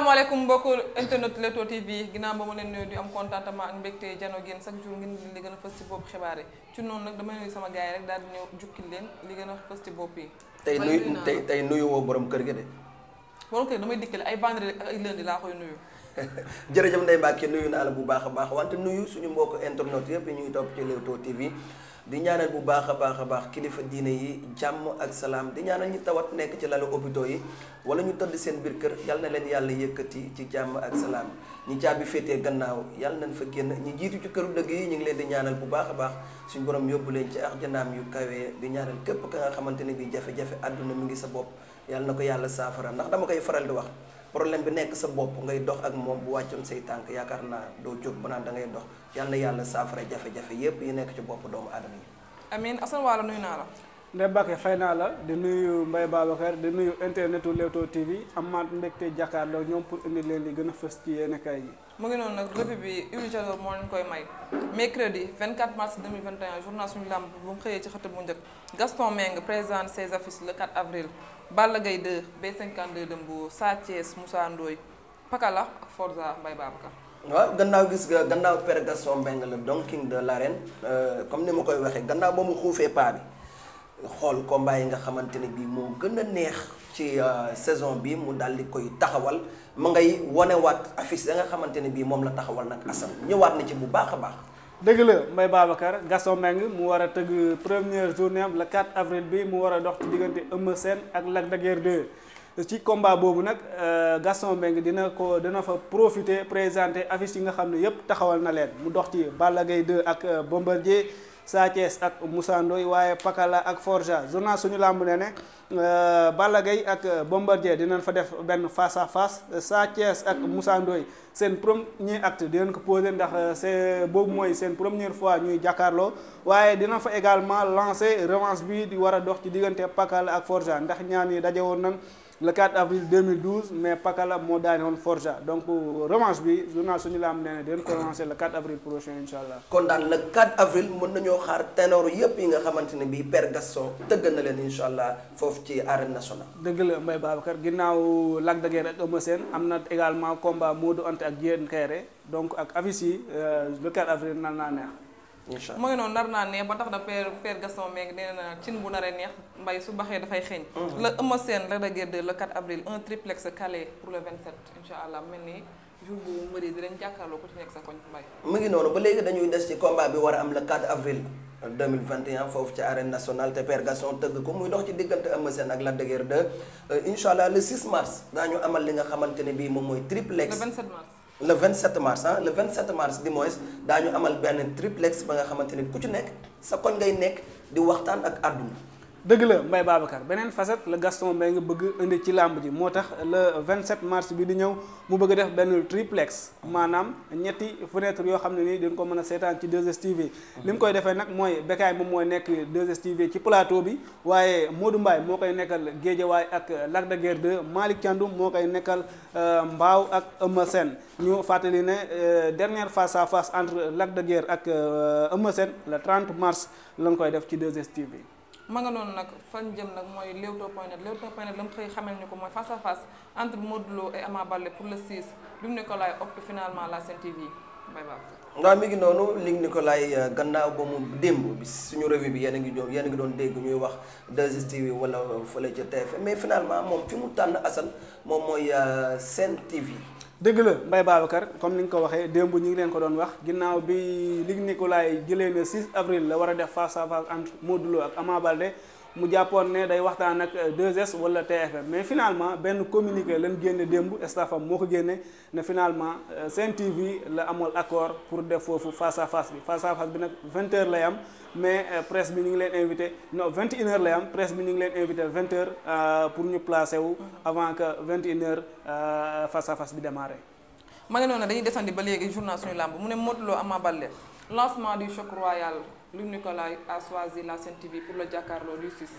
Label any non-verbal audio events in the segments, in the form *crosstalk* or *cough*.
asalaamaaleykum mbokku internet Leewtoo bi ginnaaw ba ma leen nuyu di am contentement ak mbégte jano génn chaque jour ngeen li gën a fës bopp xibaar yi ci noonu nag dama nuyu sama gars rek daal di ñëw jukkil leen li gën a fës ci bopp yi. tey nuyu tey tey nuyu woo borom kër gi de. borom kër gi damay dikkale ay vendredi ak ay laa koy nuyu. *laughs* jërëjëf Ndeye Mbacke nuyu naa la bu baax a baax wante nuyu suñu mbokk internet yëpp yi ñuy topp ci Leewtoo TV di ñaanal bu baax a baax a baax kilifa diine yi jàmm ak salaam di ñaanal ñu tawat nekk ci lalu hôpitaux yi wala ñu tëdd seen biir kër yal na leen yàlla yëkkati ci jàmm ak salaam ñi caabi féetee gannaaw yal nañ fa génn ñi jiitu ci këru dëgg yi ñu ngi leen di ñaanal bu baax a baax suñu borom yóbbu leen ci àjjanaam yu kawee di ñaanal képp ka xamante ne bi jafe-jafe mi ngi sa bopp yàlla na ko yàlla saafara ndax dama koy faral di wax problème bi nekk sa bopp ngay dox ak moom bu wàccoon say tànk yaakaar naa doo jóg ba naan da dox yal na yàlla saafara jafe-jafe yépp yi nekk ci bopp doomu aadama yi. amiin Assane Waalo nuyu naa la. Ndeye Mbacke fay naa la di nuyu Mbaye Babacar di nuyu internetu Leewtoo TV amaat mbégte jàkkaarloo ñoom pour indi leen li gën a fës ci yéen kaay yi. mu ngi noonu nag revue bi Ibi Jallo moo leen koy may mercredi 24 mars 2021 journal suñu làmb bu mu xëyee ci xët bu njëkk Gaston Mbengue présente ses affiches le 4 avril Balla Gaye 2 B52 de Mbour Sa Thiès Moussa Ndoye Pakala ak Forza Mbaye Babacar waaw gannaaw gis nga gannaaw père Gaston Mbengue la Don King de l'arène euh, comme ni ma koy waxee gannaaw ba mu xuufee paa bi xool combat yi nga xamante ne bii moo gën a neex ci euh, saison bi mu daal di koy taxawal ma ngay wanewaat affice da nga xamante ne bii moom la taxawal nag Assane ñëwaat na ci bu baax a baax. dëgg la Mbaye Babacar Gaston Mbengue mu war a tëgg première journée am le 4 avril bi mu war a dox ci diggante Eumeu seen ak Lac de Guiers 2. ci combat boobu nag euh, gason Mbengue dina ko dina fa profiter présenter affice yi nga xam ne yëpp taxawal na leen mu dox ci Balla Gaye ak euh, Sa Thiès ak musandooy Ndoye waaye Pakala ak Forja journal suñu làmb ne ne euh, Balla Gaye ak Bombardier dinañ fa def benn face à face Sa Thiès ak Moussa seen seen premier acte dinañ ko posé ndax euh, c'est boobu mooy seen première fois ñuy jàkkaarloo waaye dina fa également lancer revanche bi di war a dox ci diggante Pakala ak Forja ndax ñaan yi daje woon nan le 4 avril 2012 mais Pakala moo daane woon Forja donc revanche bi journal suñu la am nee na dinañ ko relancer le 4 avril prochain incha kon daal le 4 avril mën nañoo xaar ténor yëpp yi nga xamante ne bii Père Gaston tëgg na leen incha allah foofu ci arène nationale. dëgg la Mbaye Babacar ginnaaw Lac de ak Eumeu Sène am na également combat Modou Anta ak Diène Kairé donc ak affiche yi euh, le 4 avril nan naa neex. incha allah mooy noonu nar naa neex ba tax na père père Gaston meeg nee na cin bu naree neex mbay su mm-hmm. ku ci nekk sa koñ mbay. mu ngi noonu ba léegi dañuy des ci combat bi war a am le 4 avril 2021 foofu ci arène nationale te père Gaston tëgg ko muy dox ci diggante Eumeu Sène ak Lac de Guiers euh, le 6 mars daañu amal li nga xamante ne bi moom mooy triplex. mars. le 27 mars ah le 27 mars di moins daañu amal benn triplex ba nga xamante ni ku ci nekk sa koñ ngay nekk di waxtaan ak àdduna dëgg la Mbaye Babacar beneen facette la Gaston Mbengue nga bëgg indi ci làmb ji moo tax le 27 mars bi di ñëw mu bëgg a def benn triplex maanaam ñetti fenêtre yoo xam ne nii dañ ko mën a seetaan ci 2STV. li mu koy defee nag mooy Bécaye moom mooy nekk 2STV ci plateau bi waaye Modou mbaay moo koy nekkal Géejawaay ak Lac de Guiers de Malick Thiandoum moo koy nekkal euh, Mbaaw ak Eumeu Sène ñu fàttali ne euh, dernière face à face entre Lac de Guiers ak euh, Eumeu Sène le 30 mars lañ koy def ci 2STV. ma nga noonu nag fan jëm nag mooy Leewtoo point net la mu xëy xamal ni ko mooy face à face entre Modou Lo et Ama Baldé pour le 6 Luc Nicolaï opte finalement la Sen TV bay baax. waaw mi ngi noonu Luc Nicolaï euh, gannaaw ba mu démb bi suñu revue bi yéen a ngi doon yéen a ngi doon dégg ñuy wax 2STV wala fële ca TFM mais finalement moom fi mu tànn Assane moom mooy euh, Sen TV. dëgg la Mbaye Babacar comme ni nga ko waxee démb ñu ngi leen ko doon wax ginnaaw bi Luc Nicolaï jëlee na 6 avril la war a def face à face entre Modou Lo ak Ama Baldé mu jàppoon ne day waxtaan ak 2 euh, wala TFM mais finalement benn communiqué lan génne démb staffam moo ko génne ne finalement euh, Sen TV la amoon accord pour def foofu face à face bi face à face bi nag 20 heures lay am mais euh, presse bi ñu ngi leen invité non 21 heures lay am presse bi ñu ngi leen invité 20 heures pour ñu placer wu avant que 21 heures face à face bi démarré. ma ngi noonu dañuy desandi ba léegi journal suñu làmb mu ne Modou Lo Ama Baldé lancement du Luc Nicolaï a choisi la Sen TV pour la jàkkaarloo du fils.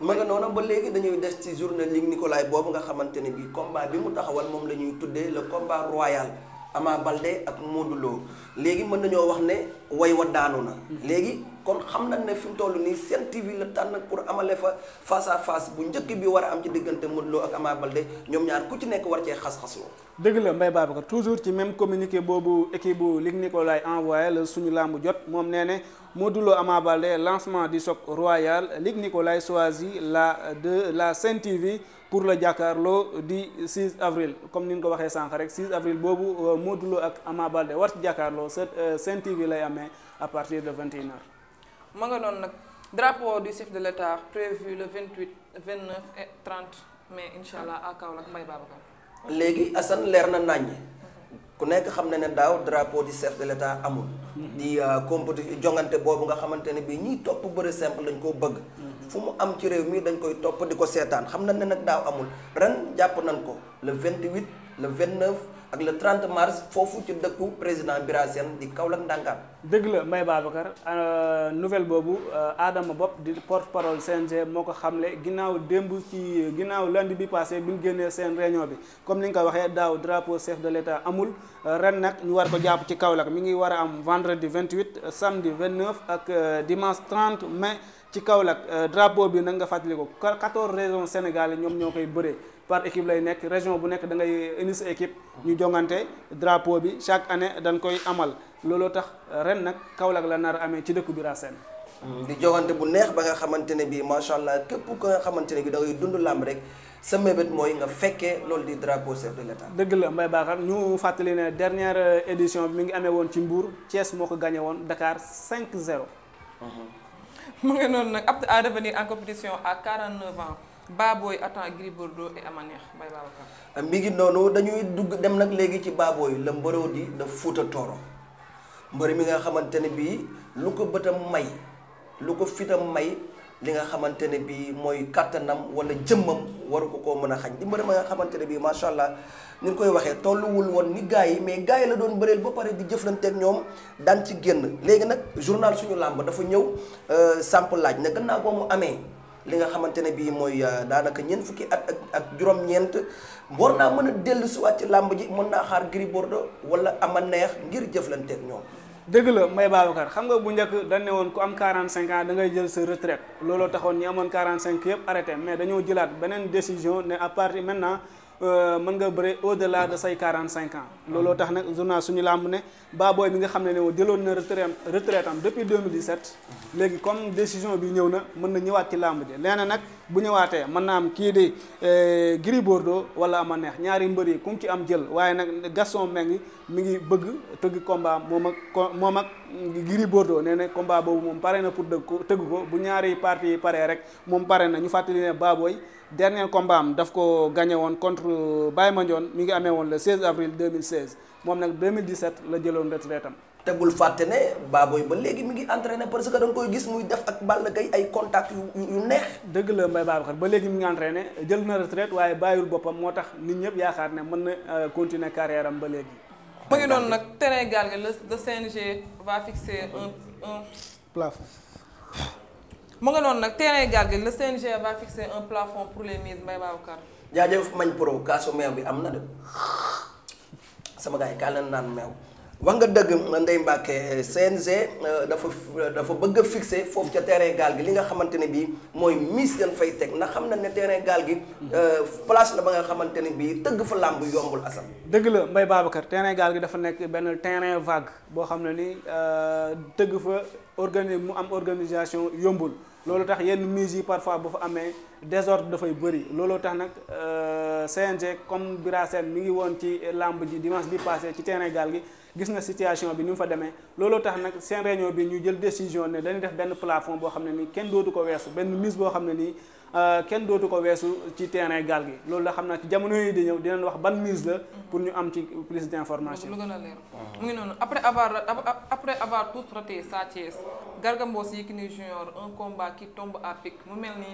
ma nga noonu ba léegi dañuy des ci journée Luc Nicolaï boobu nga xamante ne bii combat bi mu taxawal moom la ñuy tuddee le combat royal amaa Baldé ak Modou Lo léegi mën nañoo wax ne way wa daanu na mm-hmm. léegi. kon xam nañ ne fi mu toll nii Sen TV la tànn pour amale fa face à face bu njëkk bi war a am ci diggante Modou Lo ak Ama Baldé ñoom ñaar ku ci nekk war cee xas-xasloo dëgg la Mbaye ko toujours ci même communiqué boobu équipe bu Luc Nicolaï envoyé la suñu làmb jot moom nee ne Modou Lo Ama Baldé lancement du choc royal Luc Nicolaï choisit la de la Sen TV pour le jàkkaarloo di 6 avril comme ni nga ko waxee sànq rek 6 avril boobu euh, Modou Lo ak Ama Baldé war jàkkaarloo euh, Sen TV lay amee à de 21h ma nga noonu nag drapeau du chef de l' état prévu le 28 29 et 30 mais incha allah à Kaolack Mbaye Babacar. léegi Assane leer na naññ. ku nekk xam na ne daaw drapeau du chef de l' amul. Mhm. di euh, compétition jongante boobu nga xamante ne bii ñiy topp bëri simple dañ koo bëgg. Mhm. fu mu am ci réew mii dañ koy topp di ko seetaan xam na ne nag daaw amul ren jàpp nañ ko le 28 le 29. ak le 30 mars foofu ci dëkku président Bira di Kaolack ndànkaam dëgg la Mbaye Babacar euh, nouvelle boobu euh, Adama Bopp di porte-parole CNG moo ko xamle ginnaaw démb ci ginnaaw lundi bi passé bi ñu génnee seen réunion bi comme ni nga ko waxee daaw drapeau chef de l'État amul euh, ren nag ñu war ko jàpp ci Kaolack mi ngi war a am vendredi 28 samedi 29 ak dimanche 30 mai. ci Kaolack euh, drapeau bi nag nga fàttali ko 14 régions Sénégal ñoom ñoo koy bëree par équipe lay nekk région bu nekk da ngay indi sa équipe. ñu jongante drapeau bi chaque année dañ koy amal looloo tax euh, ren nag Kaolack la nar amee ci dëkku bi Raseen. Mm, di jogante bu neex ba nga xamante ne bii macha allah képp ko nga xamante ne bii da ngay dund làmb rek sa mébét mooy nga fekkee loolu di drapeau chef de l'état. dëgg la Mbaye Bakar ñu fàttali ne dernière euh, édition bi mi ngi amee woon ci Mbour Thiès moo ko gagné woon Dakar 5-0. mu nga noonu nag apte à revenir en compétition à 49 ans Baboy attend Gris Bordeaux et Amanekh Mbaye Babacar. Euh, mi ngi noonu dañuy dugg dem nag léegi ci Baboy la mbëroo di da Fuuta Tooro mbër mi nga xamante ne bii lu ko bët bëtam may lu ko fitam may. li nga xamante ne bii mooy kàttanam wala jëmmam waru ko koo mën a xañ di mbër ma nga xamante ne bii macha allah ni ñu koy waxee tolluwul woon ni gars yi mais gars yi la doon bëreel ba pare di jëflanteeg ñoom daan ci génn léegi nag journal suñu làmb dafa ñëw euh, samp laaj ne gannaaw boo mu amee li nga xamante ne bii mooy euh, daanaka ñeent fukki at ak ak juróom-ñeent war naa mën a dellu si waat làmb ji mën naa xaar Gris Bordeaux wala ama neex ngir jëflanteeg ñoom. dëgg la may Babacar xam nga bu njëkk dañ ne woon ku am 45 ans da ngay jël sa retraite looloo taxoon ñi amoon 45 yëpp arrêté mais dañoo jëlaat beneen décision ne à partir maintenant Euh, mën nga bëre au delà de say 45 ans. looloo tax nag journal suñu làmb ne Baboy bi nga xam ne ne jëloon na retraite retraite am depuis 2017. léegi comme décision bi ñëw na mën na ñëwaat ci làmb ji leneen nag bu ñëwaatee mën naa am kii di euh, Gris Bordeaux wala ama neex ñaari mbër yi ku mu ci am jël waaye nag Gaston Mbengue mi ngi bëgg tëgg combat moom ak moom ak Gris Bordeaux nee na combat boobu moom pare na pour dëgg ko tëgg ko bu ñaari parti yi paree rek moom pare na ñu fàttali ne Baboy. dernier combat am daf ko gagné woon contre ma Mandione mi ngi amee woon le 16 avril 2016 moom nag 2017 la jëloon retraite am. te bul fàtte ne Baboy ba léegi mi ngi entraîné parce que da nga koy gis muy def ak Balla Gaye ay contact yu yu neex. dëgg la Mbaye Babacar ba léegi mi ngi entraîné jël na retraite waaye bàyyul boppam moo tax nit ñëpp yaakaar ne mën na euh, continuer carrière am ba léegi. mu ngi doon nag teree Gaal gi le CNG va fixer un un plafond. mu nga noonu nag terrain gaal gi le CNG va fixer un plafond pour les mises Mbaye Babacar. jaajëf mañ pro kaasu meew bi am na de sama gars yi kaa naan meew wax nga dëgg Ndeye Mbacke CNG euh, dafa dafa bëgg a fixé foofu ca terrain gaal gi li nga xamante ne bii mooy miis dañ fay teg ndax xam na ne teree gaal gi euh, place la ba nga xamante ne bii tëgg fa làmb yombul asam dëgg la Mbaye Babacar terrain gaal gi dafa nekk benn terrain vague boo xam ne ni euh, tëgg fa organi mu am organisation yombul loolu tax yenn mise yi parfois bu fu amee désordre dafay bëri looloo tax nag euh, CNG comme Bira Sène mi ngi woon ci làmb ji dimanche bi passé ci terrain gaal gi gis na situation bi ni mu fa demee looloo tax nag seen réunion bi ñu jël décision ne dañuy def benn plafond boo xam ne nii kenn dootu ko weesu benn mise boo xam ne nii euh, kenn dootu ko weesu ci terrain gaal gi loolu la xam naa ci jamono yi di ñëw dinañ wax ban mise la pour ñu am ci plus d' information. lu gën a leer mu ngi noonu après avoir après avoir tout traité Sa Thiès Garga Mbossé Yékini Junior ni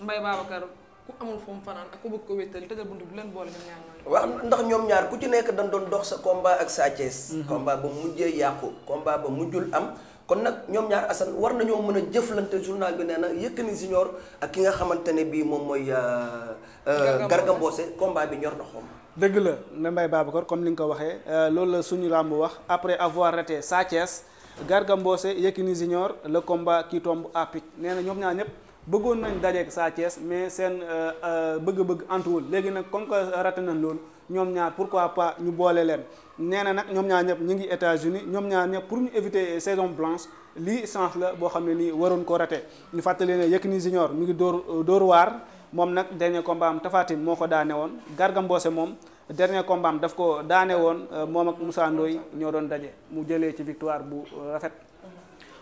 Mbaye Babacar ku amul fu mu fanaan ak ku bëgg ko wéttal tëjal buntu bu leen boole ñoom ñaar ñooñu. ndax ñoom ñaar ku ci nekk dañ doon dox sa combat ak Sa Thiès. Mhm. combat ba mujjee yàqu combat ba mujjul am. kon nag ñoom ñaar Assane war nañoo mën a jëflante journal bi nee na Yékini Junior ak ki nga xamante ne bii moom mooy. Euh, euh, Garga Mbossé combat bi ñor na xoom. dëgg la na Mbaye Babacar comme li nga ko waxee euh, loolu la suñu làmb wax après avoir raté Sa Thiès Garga Mbossé Yékini Junior le combat qui tombe à pic ñoom ñaar ñëpp. bëggoon nañ dajeek Sa Thiès mais seen euh, euh, bëgg-bëgg antuwul léegi nag comme que raté nañ loolu ñoom ñaar pourquoi pas ñu boole leen nee na nag ñoom ñaar ñëpp ñu ngi États-Unis ñoom ñaar ñëpp pour ñu éviter saison blanche lii chance la boo xam ne nii waroon ko raté ñu fàttali ne Yékini Junior mu ngi dóor dóor waar moom nag dernier combat am moo ko daanee woon Garga moom dernier combat daf ko daanee woon euh, moom ak Moussa ñoo doon daje mu jëlee ci victoire bu rafet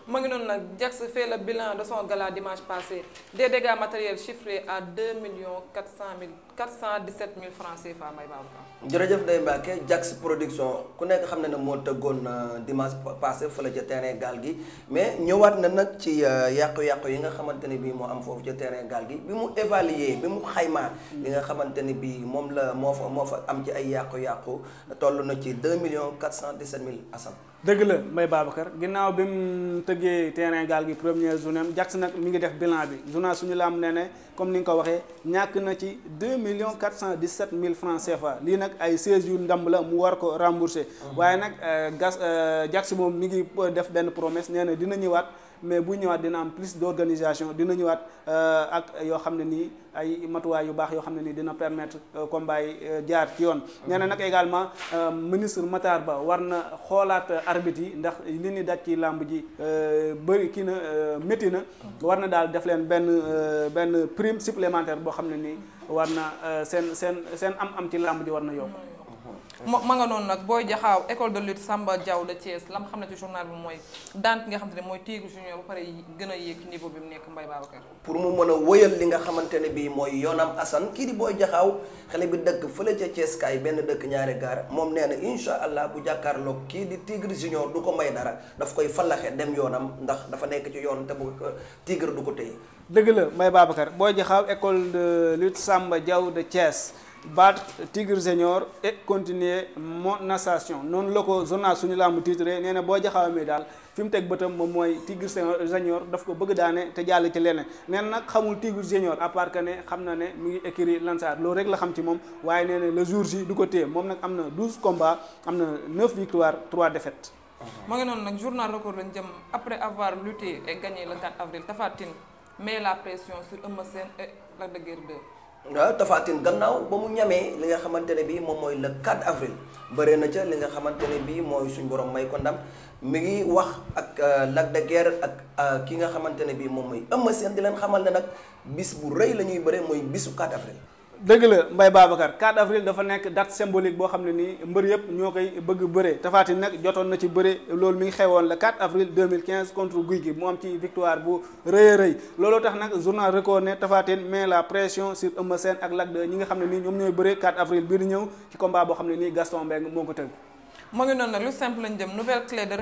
mu ngi noonu nag Jax fait le bilan de son gala dimanche passé des dégâts matériels chiffrés à 2 millions 400 mille 417 000 francs CFA Mbaye Babacar. jërëjëf Ndeye Mbacke Jax production ku nekk xam na ne moo tëggoon euh, dimanche passé fële ca terrain gaal gi mais ñëwaat na nag ci euh, yàqu-yàqu yi nga xamante ne bii moo am foofu ca terrain gaal gi bi mu évaluer bi mu xaymaa. li nga xamante ne bii moom la moo fa moo fa am ci ay yàqu-yàqu toll na ci 2 millions 417 000 asam. dëgg la Mbaye Babacar ginnaaw bi mu tëggee terrain gaal gi première journée am Jax nag mu ngi def bilan bi journal suñu lam ne ne comme ni nga ko waxee ñàkk na ci 2 million quatre cent dix sept mille francs CFA li nag ay seize yu ndàmb la mu war ko rembourser ah. waaye nag euh, gas euh, Jax moom mi ngi def benn promesse nee dina ñëwaat mais bu ñëwaat dina am plus d'organisation dina ñëwaat euh, ak yoo xam ne nii ay matuwaay yu baax yoo xam ne nii dina permettre euh, combat yi euh, jaar ci yoon. nee nag également ministre Matar Ba war na xoolaat arbitre yi ndax li ni daj ci làmb ji bëri kii na métti na. war na daal def leen benn benn prime supplémentaire boo xam ne nii war na seen seen seen am-am ci làmb ji war na yoo ma nga noonu nag booy jaxaaw école de lutte Samba Diaw de Thiès lam xam ne ci journal bi mooy daan ki nga xam ne mooy Tigre Junior ba pare gën a yéeg bi mu nekk Mbaye Babacar pour mu mën a wëyal li nga xamante ne bii mooy yoonam Assane kii di booy jaxaaw xale bi dëkk fële ca Thiès kaay benn dëkk ñaari gaar moom nee na incha allah bu jàkkaarloog kii di Tigre Junior du ko may dara daf koy fallaxe dem yoonam ndax dafa nekk ci yoon te bu Tigre du ko tey dëgg la Mbaye Babacar booy jaxaaw école de lutte Samba Diaw de Thiès battre Tigre Junior et continuer mon ascension noonu la ko journal suñu laa mu titré nee na boo jaxawamee daal fi mu teg bëtam moom mooy Tigre Junior daf ko bëgg daane te jàll ci leneen nee nag xamul Tigre Junior à part ne xam na ne mu ngi écrit Lansar loolu rek la xam ci moom waaye nee na le jour ji du ko téye moom nag am na douze combats am na neuf victoires trois défaites. moo ngi noonu nag journal record lañ jëm après avoir lutté et gagné le 4 avril Tapha Tine met la pression sur Eumeu waaw ah, tafaatin gannaaw ba mu ñamee li nga xamante ne bii moom mooy le 4 avril bëree na ca li nga xamante ne bii mooy suñu borom may ko ndam mi ngi wax ak ah, Lac de Guiers ak ah, ki nga xamante ne bii moom mooy Eumeu Sène di leen xamal ne nag bis bu rëy la ñuy bëree mooy bisu 4 avril. dëgg la Mbaye Babacar 4 avril dafa nekk date symbolique boo xam ne nii mbër yëpp ñoo koy bëgg bëre Tapha Tine jotoon na ci bëre loolu mi ngi xewoon le 4 avril 2015 contre Gouye Gui mu am ci victoire bu rëy a rëy looloo tax nag journal Record ne Tapha Tine la pression sur Eumeu Sène ak Lac 2 ñi nga xam ne nii ñoom ñooy bëre 4 avril bii di ñëw ci combat boo xam ne nii Gaston Mbengue moo ko tëgg. moo ngi noonu nag lu simple lañ nouvelle clé de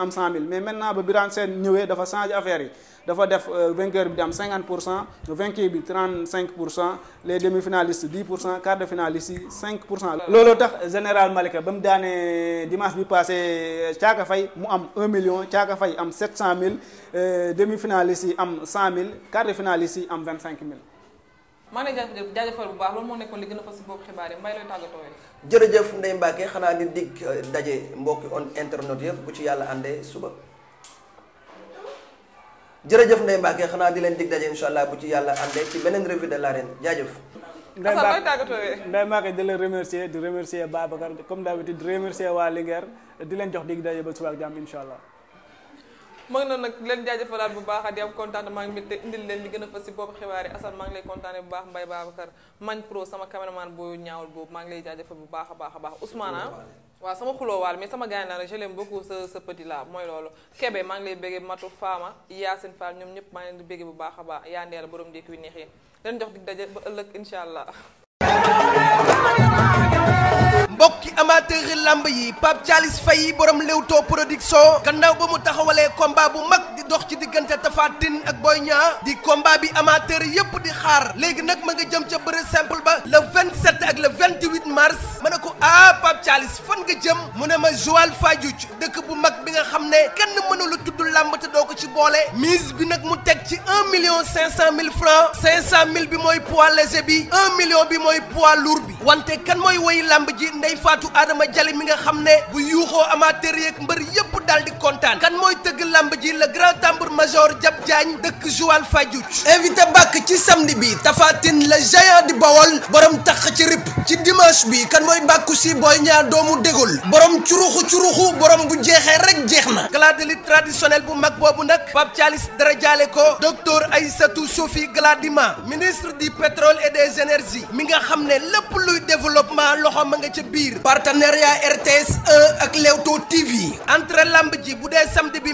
am mill mais maintenant ba Birane Sène ñëwee dafa changé affaire yi dafa def euh, vainqueur bi di am 50 pour cent vainqueur bi 35 pour cent les demi-finalistes 10 pour cent quart de finaliste yi pour cent. looloo tax général Malika ba mu daanee dimanche bi passé Caaka euh, Fay mu am 1 million Caaka Fay euh, am cent 700000 demi-finalistes yi am 100000 quart de finaliste yi am 25000. maa ngi lay jaajëfal bu baax loolu moo nekkoon li gën a fas si boobu xibaar yi mbay lay tàggatoo yi jërëjëf Ndeye Mbacke xanaa ni dig euh, daje yëpp bu ci yàlla àndee suba jërëjëf xanaa di leen dig daje incha allah bu ci yàlla àndee ci beneen revue de reen jaajëf Ndeye Mbacke di la remercier di remercier Babacar comme d'habitude di remercier waa Linguère di leen jox dig daje ba suba ak jàmm incha allah mag na nag leen jaajëfalaat bu baax di am contentement ak mbégte indil leen li gën a fës si boobu xibaar yi Assane maa ngi lay kontaane bu baax Mbaye Babacar Magne Pro bu baax a baax a baax Ousmane ah waaw sama xuloowaal mais sama gars yi naan je l'aime sa sa petit là mooy loolu Kébé maa ngi lay béggee Matu Faama Yacine Fall ñoom ñëpp maa ngi leen di bu baax a baax yaa ndeel borom ndékk wi neex yi leen jox dig daje ba ëllëg incha allah mbokki amateur lamb yi Pape Thialis Faye borom Leewtoo production gannaaw ba mu taxawalee combat bu mag. dox ci diggante Tapha Tine ak Boy Niang di combat bi amateur yépp di xaar léegi nag ma nga jëm ca bëre simple ba le 27 ak le 28 mars ma ne ko ah Pape Thialis fan nga jëm mu ne ma Joal Fadiouth dëkk bu mag bi nga xam ne kenn mënula tudd làmb te doo ko ci boole mise bi nag mu teg ci 1 million 500 mille francs 500 mille bi mooy poids léger bi 1 million bi mooy poids lourd bi wante kenn mooy woy làmb ji ndey faatu Adama Jali mi nga xam ne bu yuuxoo amateur yeeg mbër yépp daal di kontaan kan mooy tëgg làmb ji le tambour major Diab Diagne dëkk Joal Fadiouth invité bàkk ci samedi bi Tafatine la géant di Bawol borom tax ci rip ci dimanche bi kan mooy bàkku si Boy Niang doomu dégul borom curuxu curuxu borom bu jeexee rek jeex na gala de lutte traditionnel bu mag boobu nag Pape Thialis dara jaale ko docteur Aïssatou Sophie Gladima ministre di pétrole et des énergies mi nga xam ne lépp luy développement loxo ma nga ca biir partenariat RTS 1 ak Leewtoo TV entre lamb ji bu dee samedi bi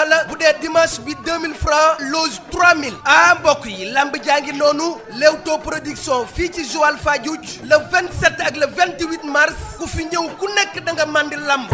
la dimanche bi 2000 francs loge 3000 ah mbokk yi lamb jaa ngi noonu Leewtoo production fii ci Joal Fadiouth le 27 ak la 28 mars ku fi ñëw ku nekk da nga màndi lamb